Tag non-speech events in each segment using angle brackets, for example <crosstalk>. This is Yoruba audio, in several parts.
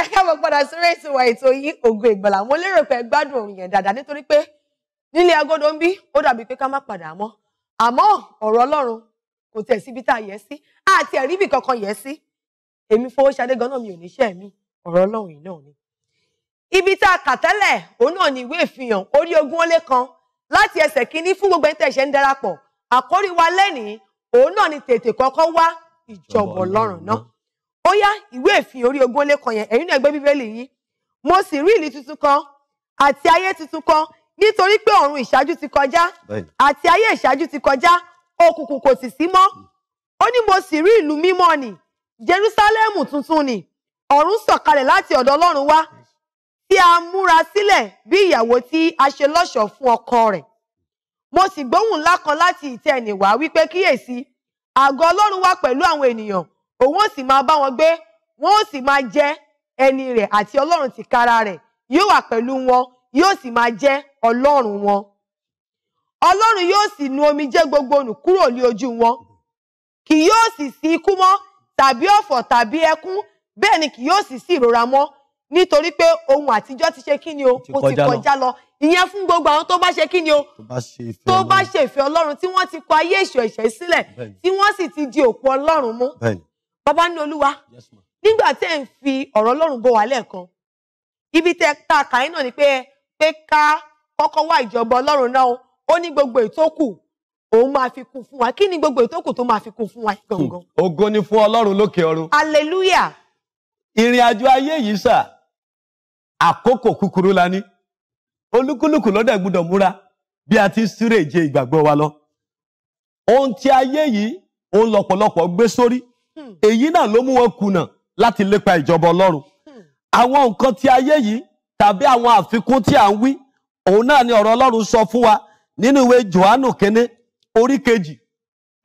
<laughs> ẹ káàbọ̀ padà sórí ètò wa ètò yìí Ògo Ìgbàlà mo lérò pé gbádùn òun yẹn dáadáa nítorí pé nílé agodo ń bí ó dàbí pé ká má padà mọ́ àmọ́ ọ̀rọ̀ Ọlọ́run kò tẹ̀ síbi tá a yẹ sí àti ẹ̀rí ibì kankan yẹ sí èmi Fowóṣadé ganan mi ò níṣẹ́ mi ọ̀rọ̀ Ọlọ́run yìí náà ni. ibi tá a kà tẹ́lẹ̀ òun náà ni ìwé ìfihàn orí ogún ó lé kan láti ẹsẹ̀ kínní fún gbogbo ẹni ń darapọ̀ àkórí wa lẹ́nìí òun náà ni tètè kọ́kọ́ wá ìjọ̀bọ̀ lọ́rùn náà ó yá ìwé ìfihàn orí ogún lé kan yẹn ẹ̀yin náà gbé bíbélì yín mo sì rí ìlú tuntun kan àti ayé tuntun kan nítorí pé ọ̀run ìṣáájú ti kọjá àti ayé ìṣáájú ti kọjá òkùnkùn kò sì sí mọ́ ó ní mo sì rí ìlú mímọ́ nì Jerúsálẹ́mù tuntun nì ọ̀run sọ̀kalẹ̀ láti ọ̀dọ̀ Ọlọ́run wá tí a múra sílẹ̀ bí ìyàwó tí a ṣe lọ́ṣọ̀ọ́ fún ọkọ rẹ̀ mo sì gbóhùn ńlá kan láti ìtẹ́ ẹ̀nìwá wípé kíyèsí àgọ́ Ọlọ́run wà pẹ̀lú àwọn ènìyàn òun ó sì máa bá wọn gbé wọn ó sì máa jẹ́ ẹni rẹ̀ àti ọlọ́run tìkára rẹ̀ yóò wà pẹ̀lú wọn yóò sì máa jẹ́ ọlọ́run wọn ọlọ́run yóò sì nu omijé gbogbo nù kúrò ní ojú wọn kì yóò sì sí ikú mọ́ tàbí ọ̀fọ̀ tàbí ẹkún bẹ́ẹ̀ ni kì yóò sì sí ìrora mọ́ nítorí pé ohun àtijọ́ ti ṣe kí ni o ó ti kọjá lọ ìyẹn fún gbogbo àwọn tó bá ṣe kí ni o tó bá ṣe ìfẹ́ ọlọ́run tí wọ́n ti kọ ayé ìṣọ̀ ẹ̀ṣẹ̀ sílẹ̀ tí wọ́n sì ti di òkú ọlọ́run mú bàbá ní olúwa nígbà tẹ́ ń fi ọ̀rọ̀ ọlọ́run bọ̀ wá lẹ́ẹ̀kan ibi tẹ́ ta kàí náà ni pé pé ká kọ́kọ́ wá ìjọba ọlọ́run náà ó ní gbogbo ìtókù òun máa fi kún fún wa kí ni gbogbo ìtókù tó máa fi kún fún wa gangan. ògo ni fún ọlọ́run lókè ọ̀run. hallelujah. ìrìn àjò ayé yìí sà àkókò kúkúrú la ní olúkúlùkù lọ́dẹ̀ gbúdọ̀ múra bí a ti ń súrèje ìgbàgbọ́ wa lọ ohun tí ayé yìí òun lọ́pọ̀lọpọ̀ gbé sórí Hmm. èyí náà ló mú wọn kùnà láti lépa ìjọba ọlọ́run hmm. àwọn nǹkan ti ayé yìí tàbí àwọn àfikún tí à ń wí òun náà ni ọ̀rọ̀ ọlọ́run sọ fún wa nínú ìwé johannu kínní orí kejì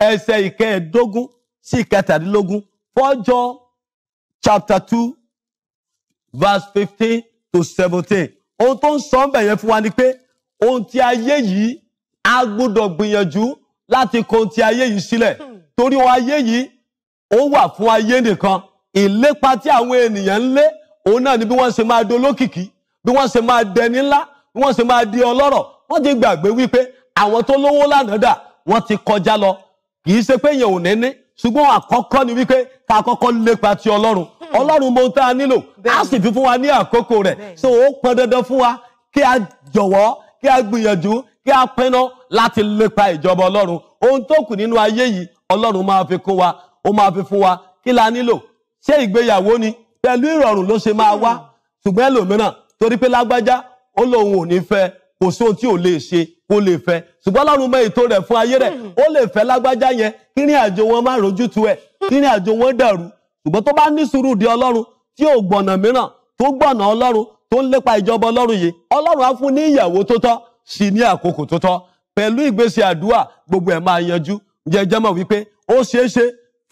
ẹsẹ̀ ìkẹẹ̀ẹ́dógún sí ìkẹtàdínlógún fọ́jọ́ chapter two verse fifteen to seventeen ohun tó ń sọ ń bẹ̀ yẹn fún wa ni pé ohun ti ayé yìí a gbọ́dọ̀ gbìyànjú láti kó ohun ti ayé yìí sílẹ̀ hmm. torí ohun ayé yìí ó wà fún ayé nìkan ìlépa tí àwọn ènìyàn ń lé òun náà ni bí wọ́n ṣe máa dolókìkí bí wọ́n ṣe máa dẹni ńlá bí wọ́n ṣe máa di ọlọ́rọ̀ wọ́n ti gbàgbé wípé àwọn tó lówó lánàá dà wọ́n ti kọjá lọ kì í ṣe pé yẹn ò níní ṣùgbọ́n àkọ́kọ́ ni wípé ká kọ́kọ́ lépa ti ọlọ́run hmm. ọlọ́run mo tá a nílò á sì fi fún wa ní àkókò rẹ̀ ṣé ó pọn dandan fún wa kí a jọ̀wọ́ kí a gbìyànjú kí a pinnu láti lépa ìjọba ọlọ́run ohun tó kù nínú ayé yìí ọlọ́run máa fi kún wa ó máa fi fún wa kí la nílò ṣé ìgbéyàwó ni pẹ̀lú ìrọ̀rùn ló ṣe máa wá ṣùgbọ́n ẹlòmíràn torí pé lágbájá ó lóun ò ní fẹ́ kò sí ohun tí ò lè ṣe kó lè fẹ́ ṣùgbọ́n Ọlọ́run mọ ètò rẹ̀ fún ayé rẹ̀ ó lè fẹ́ lágbájá yẹn kí ìrìn àjò wọn má rojú tu ẹ̀ kí ìrìn àjò wọn dàrú ṣùgbọ́n tó bá ní sùúrù di Ọlọ́run tí ò gbọ̀nà mìíràn tó gbọ̀nà Ọlọ́run tó ń lépa ìjọba Ọlọ́run yìí Ọlọ́run á fún ní ìyàwó tó tọ́ sí ní àkókò tó tọ́ pẹ̀lú ìgbésẹ̀ àdúrà gbogbo ẹ̀ máa yanjú ǹjẹ́ jẹ́mọ̀ wípé ó ṣeé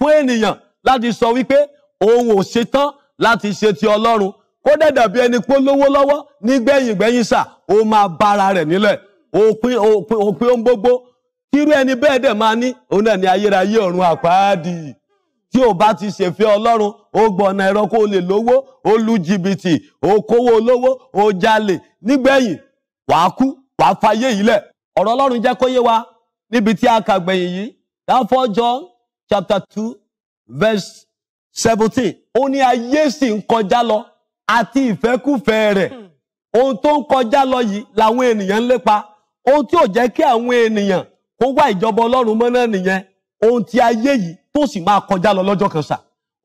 fún ènìyàn láti sọ wípé òun ò ṣetán láti ṣe ti Ọlọ́run kó dẹ̀ dàbí ẹni pé lówó lọ́wọ́ nígbẹ̀yìn gbẹ̀yìn sà ó máa bára rẹ̀ nílẹ̀ òpin òpin òpin ohun gbogbo irú ẹni bẹ́ẹ̀ dẹ̀ máa ní òun náà ní ayérayé ọ̀run àpáàdì tí ò bá ti ṣèfẹ́ ọlọ́run ó gbọ̀nà ẹ̀rọ kó o lè lówó ó lu jìbìtì ó kówó olówó ó jalè nígbẹ̀yìn wàá kú wàá fayé yìí lẹ̀ ọ̀rọ̀ ọlọ́run jẹ́ kó yé wa níbi tí a kà gbẹ̀yìn yìí láfọ́jọ́ chapter two verse seventeen ó ní ayé sì ń kọjá lọ àti ìfẹ́kùfẹ́ rẹ̀ hmm. ohun tó ń kọjá lọ yìí làwọn ènìyàn ń lépa ohun tí ò jẹ́ kí àwọn ènìyàn kó wá ìjọba ọlọ́run mọ́ náà nìyẹn ohun tí ayé yìí tó sì máa kọjá lọ lọ́jọ́ kan ṣá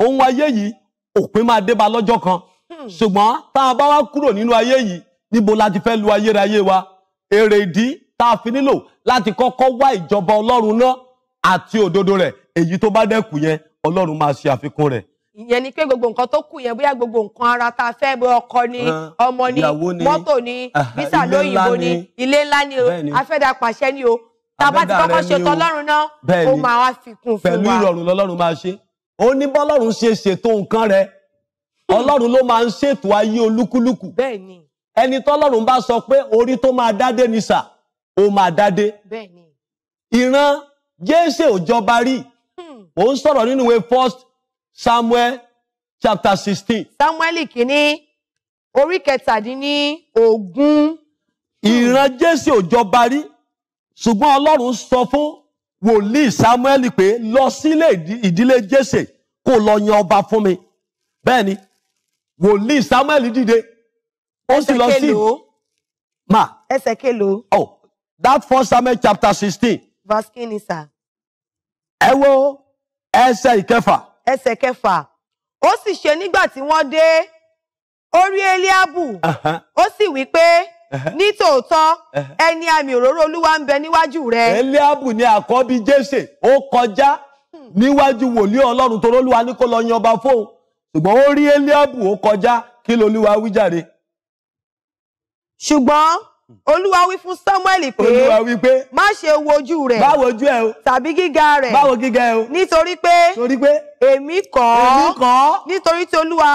ohun ayé yìí òpin máa dé bá lọ́jọ́ kan hmm. ṣùgbọ́n tá a bá wá kúrò nínú ayé yìí níbo la ti fẹ́ lu ayérayé wa èrè ìdí tá a fi nílò láti kọ́kọ́ wá ìjọba ọlọ́run náà àti òdodo rẹ̀ èyí tó bá dẹ̀ kù yẹn ọlọ́run máa ṣe àfikún rẹ̀ ìyẹn ni pé gbogbo nǹkan tó kù yẹn bóyá gbogbo nǹkan ara tá a fẹ́ bó ọkọ ni ọmọ ni mọ́tò ni visa lóyìnbó ni ilé ńlá ni o afẹ́dàpàṣẹ ni o tàbá ti kọ́kọ́ ṣètò ọlọ́run náà ó máa wá fi kún fún wa. pẹ̀lú ìrọ̀rùn lọ́lọ́run máa ṣe ó ní bọ́lọ́run ṣe ṣètò nǹkan rẹ̀ hmm. ọlọ́run ló máa ń ṣètò ayé olúkúlùkù ẹni tọ́lọ́run bá sọ pé orí tó máa dádé ni sà ó máa dádé ìran jésè ò rí ó ń sọ̀rọ̀ nínú ìwé first samuel chapter sixteen. samuel kìíní orí kẹtàdínní ogún. ìran jésì ò jọba rí ṣùgbọ́n ọlọ́run sọ fún wòlíì samuel pé lọ sílé ìdílé jésè kó lọ yan ọba fún mi bẹ́ẹ̀ ni wòlíì samuel dìde ó sì lọ sí ma ẹsẹ̀ kélòó. oh that first samuel chapter sixteen. verse kìíní ẹ wo ẹsẹ̀ ìkẹfà. ẹsẹ̀ kẹfà ó sì ṣe nígbà tí wọ́n dé orí eliabu ó sì wí pé ní tòótọ́ ẹni àmì òróró olúwa ń bẹ níwájú rẹ. eliabu ni àkọ́bí jésè ó kọjá hmm. níwájú wòlíì ọlọ́run tó lólúwa ní kó lọ yan ọba fóun ṣùgbọ́n ó rí eliabu ó kọjá kí lolúwa wí ṣùgbọ́n Hmm. olúwa wí fún samuel pé olúwa wí pé má ṣe wojú rẹ̀ má wojú ẹ o tàbí gíga rẹ̀ má wo gíga ẹ o nítorí pé torí pé èmi kọ́ èmi kọ́ nítorí tí olúwa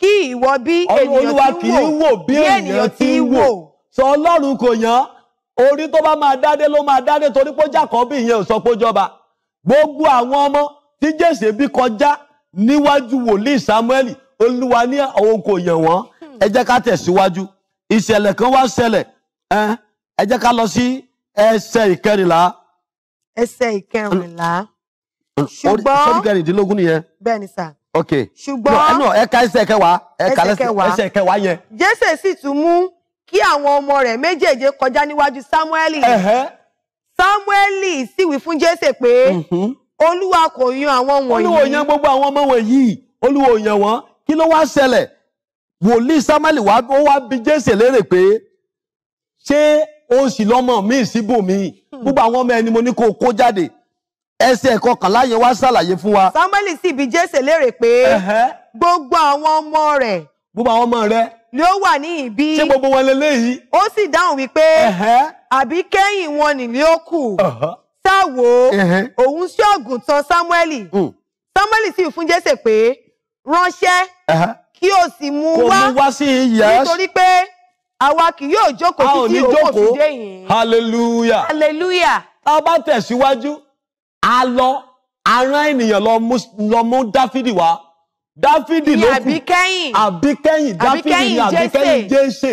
kí ìwọ bí ènìyàn tí ń wò bí ènìyàn tí ń wò sọ ọlọ́run kò yàn orí tó bá máa dádé ló máa dádé torí pé jacobi yẹn ò sọ pé ó jọba gbogbo àwọn ọmọ tí jèsè bí kọjá níwájú wòlíì samuel olúwa ní òun kò yàn wọ́n ẹ jẹ́ ká tẹ̀síwájú ìṣẹ̀lẹ̀ kan wá ṣẹlẹ̀ ẹ jẹ́ ká lọ sí ẹsẹ̀ ìkẹrìnlá. ẹsẹ̀ ìkẹrìnlá. ṣùgbọ́n sọ́ọ́dì kẹrìndínlógún nìyẹn. bẹ́ẹ̀ ni sà. ok ṣùgbọ́n ẹ nọ ẹ ka ẹsẹ̀ kẹwàá ẹ ka ẹsẹ̀ kẹwàá yẹn. jésè sì tún mú kí àwọn ọmọ rẹ̀ méjèèje kọjá níwájú sámúẹ́lì. sámúẹ́lì sì wí fún jésè pé mhm. olúwa kò yan àwọn wọ̀nyí. olúwa ò yan gbogbo àwọn ọmọ wọ̀nyí olúwa yan wọn kí ló wá ṣẹlẹ̀ wòlíì samuel wá ó wá bi jésè léèrè pé ṣé o sì lọ́mọ mi síbòmíì hmm. gbogbo àwọn ọmọ ẹni mo ní kó o kó jáde ẹsẹ̀ kọkànlá yẹn wá ṣàlàyé fún wa. samuel sì bi jésè léèrè pé gbogbo àwọn ọmọ rẹ̀. gbogbo àwọn ọmọ rẹ̀. ni ó wà ní ibi. ṣé gbogbo wọn lélẹ́yìí. ó sì dáhùn wípé àbí kẹ́yìn wọn nìlí ó kù sá wo òun sí ọ̀gùntàn samuel hmm. samuel sì fún jésè pé ránṣẹ́ kí o sì mú wá kò mú wá sí iyẹ. nítorí pé àwa kì yóò jókòó títí òkò fi dé yìí. hallelujah. hallelujah. tá a bá tẹ̀síwájú a lọ arán ènìyàn lọ mú dáfídì wá dáfídì ló kù àbíkẹ́yìn àbíkẹ́yìn dáfídì ni àbíkẹ́yìn jésè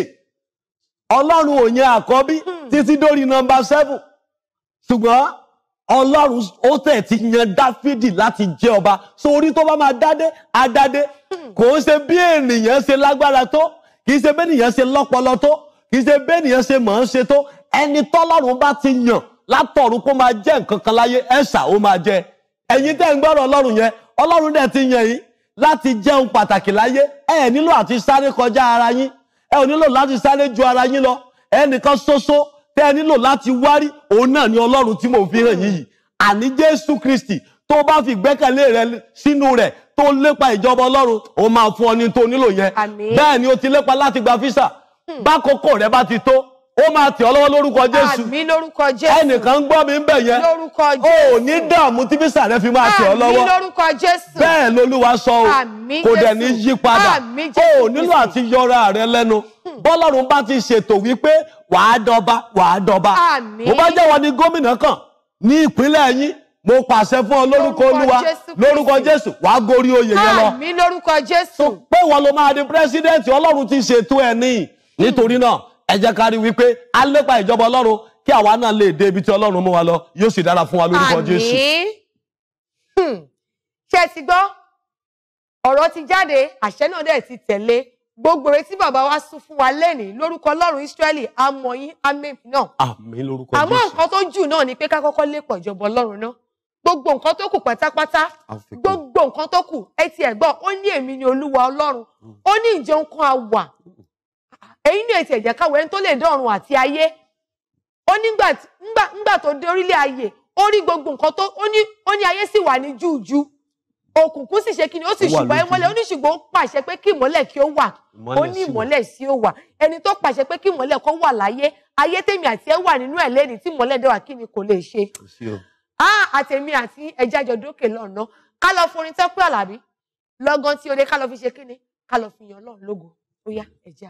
ọlọ́run ò yẹn àkọ́bí hmm. títí dórí nọmba seven ṣùgbọ́n ọlọ́run ó tẹ̀ ti yan dáfídì láti jẹ́ ọba sórí tó bá máa dádé adádé kò ń ṣe bí ènìyàn ṣe lágbára tó kì í ṣe bí ènìyàn ṣe lọ́pọlọ tó kì í ṣe bí ènìyàn ṣe mọ̀ ń ṣe tó ẹni tọ́lọ́run bá ti yàn látọ̀run kó máa jẹ́ nǹkan kan láyé ẹ̀ṣà ó máa jẹ ẹ̀yin tẹ́ ń gbọ́rọ̀ ọlọ́run yẹn ọlọ́run dẹ̀ ti yàn yín láti jẹun pàtàkì láyé ẹ nílò àti sáré kọjá ara yín ẹ ò nílò láti sáré ju ara yín lọ ẹnìkan ṣoṣo tẹ́ ẹ nílò láti wárí òun náà ni ọlọ́run tí mò ń fi hàn yìí àní jésù kristi tó bá fi gbẹ́kẹ̀lé rẹ sínú rẹ̀ tó lépa ìjọba ọlọ́run ó máa fún ọ ní tó nílò yẹn bẹ́ẹ̀ ni o ti lépa láti gba físà hmm. bákòókò rẹ bá ti tó ó máa tẹ̀ ọ́ lọ́wọ́ lórúkọ jésù àmín lórúkọ jésù ẹnìkan ń gbọ́ mi ń bẹ̀ yẹn lórúkọ jésù ò ní dààmú tí físà rẹ fi máa tẹ̀ ọ́ lọ́wọ́ bẹ́ẹ̀ lolúwa sọ o kò dẹ̀ ní yí padà ó nílò àti yọra rẹ lẹ́nu hmm. bọ́lọ́run bá ti ṣètò wípé wàá dọba wàá dọba bó bá jẹ́ wọn ni gómìnà kàn ní ìpínlẹ̀ yín mo pàṣẹ fún ọ lórúkọ olúwa lórúkọ jésù wàá gorí oyè yẹn lọ àmín lórúkọ jésù tó pé wọn ló máa di pírẹsidẹ́ǹtì ọlọ́run ti ṣètò ẹ̀ ní hmm. nítorí náà ẹ jẹ́ ká rí wípé a lépa ìjọba ọlọ́run kí àwa náà lè dé ibi tí ọlọ́run mú wa lọ yóò sì dára fún wa lórúkọ jésù. àmín hmm. ṣe ti gbọ́ ọ̀rọ̀ ti jáde àṣẹ náà dẹ̀ ti tẹ̀lé gbogbo retí bàbá wa sún fún wa lẹ́nìí lórúkọ ọlọ́run Ísírẹ́lì àmọ́ yín náà. àmín lórúkọ Jésù. àmọ́ nǹkan tó jù náà ni pé ká kọ́kọ́ lè pọ̀ ìjọba ọlọ́run náà gbogbo nǹkan tó kù pátápátá gbogbo nǹkan tó kù ẹ ti ẹ̀ gbọ́ ó ní èmi ni olúwa ọlọ́run mm. ó ní ìjẹun kan á wà èyí ni ètò ẹ̀jẹ̀ káwọ́ ẹni tó lè dọ̀run àti ayé ó nígbà tó dé orílẹ̀ ayé ó rí gbogbo nǹkan tó ó ní ayé sì wà ní júùjúù òkùnkùn sì ṣe kí ni ó sì ṣùgbọ́n ìmọ́lẹ̀ oníṣùgbọ́n ó pàṣẹ pé kí ìmọ́lẹ̀ kí ó wà ó ní ìmọ́lẹ̀ sí ó wà ẹni tó pàṣẹ pé kí ìmọ́lẹ̀ kó wà láyé ayé tèmi àti ẹ wà nínú ẹ̀ lẹ́ni tí ìmọ́lẹ̀ dẹ́wà kí ni kò lè ṣe. àtẹ̀mí àti ẹja jọ dókè lọ́nà ká lọ fún orin tẹ́pẹ́ àlàbí lọ́gán tí oore ká lọ fi ṣe kí ni ká lọ fi yan Ọlọ́run lógo ó yá ẹ̀jẹ̀